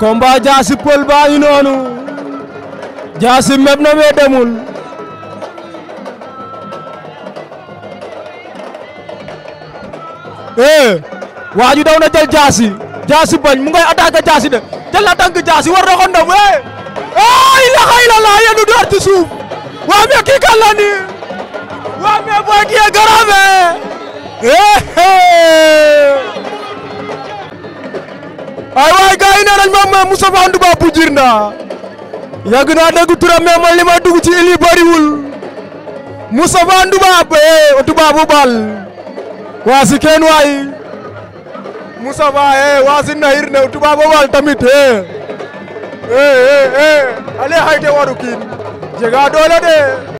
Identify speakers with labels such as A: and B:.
A: combat Diassy Peulh baa ngi noonu Diassy meb na mais demul eh waaju daw na jël Diassy Diassy bañ mu ngay attaqué Diassy de jël na tànk Diassy war na ko ndam eh ay la xay la door ci suuf waa kii kan la nii waa mais booy kii waaye waaye gars yi nee nañ moom mooy Moustapha bu Jirnda yàgg naa dégg turam mais man li ma ci ili bariwul Moustapha Ndouba ba eh Ndouba bu waa si kenn waay Moustapha eh waa si ne Ndouba bu tamit eh eh eh, eh. ale hayte waru kiin
B: doole de